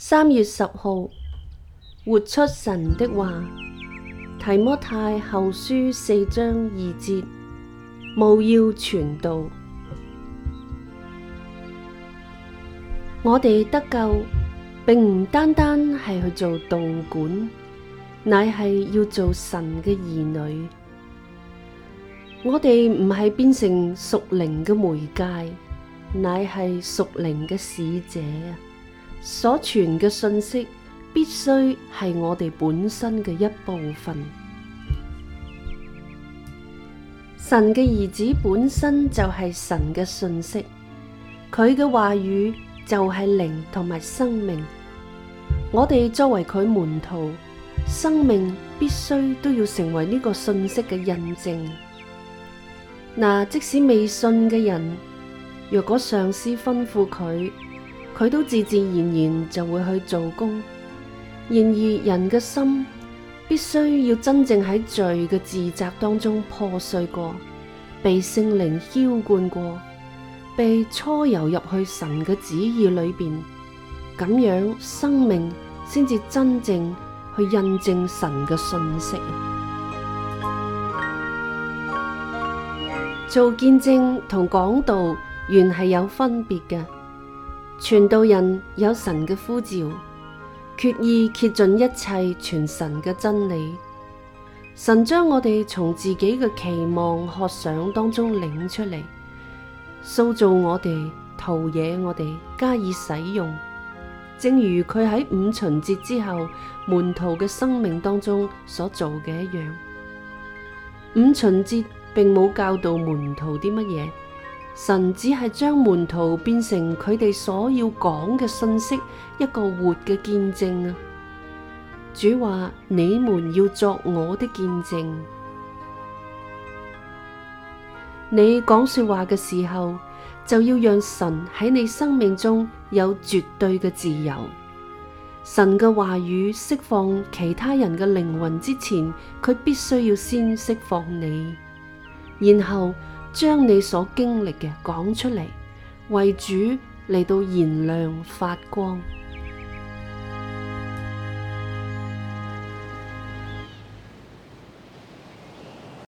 三月十號，活出神的話，提摩太後書四章二節，務要傳道。我哋得救，並唔單單係去做導管，乃係要做神嘅兒女。我哋唔係變成屬靈嘅媒介，乃係屬靈嘅使者。所傳嘅信息必須係我哋本身嘅一部分。神嘅兒子本身就係神嘅信息，佢嘅話語就係靈同埋生命。我哋作為佢門徒，生命必須都要成為呢個信息嘅印證。嗱，即使未信嘅人，若果上司吩咐佢。佢都自自然然就會去做工。然而人嘅心必須要真正喺罪嘅自責當中破碎過，被聖靈澆灌過，被初游入去神嘅旨意裏邊，咁樣生命先至真正去印證神嘅信息。做見證同講道原係有分別嘅。傳道人有神嘅呼召，決意竭盡一切傳神嘅真理。神將我哋從自己嘅期望、渴想當中領出嚟，塑造我哋、陶冶我哋，加以使用。正如佢喺五旬節之後門徒嘅生命當中所做嘅一樣。五旬節並冇教導門徒啲乜嘢。神只係將門徒變成佢哋所要講嘅信息，一個活嘅見證。主話：你們要作我的見證。你講說話嘅時候，就要讓神喺你生命中有絕對嘅自由。神嘅話語釋放其他人嘅靈魂之前，佢必須要先釋放你，然後。將你所經歷嘅講出嚟，為主嚟到燃亮發光。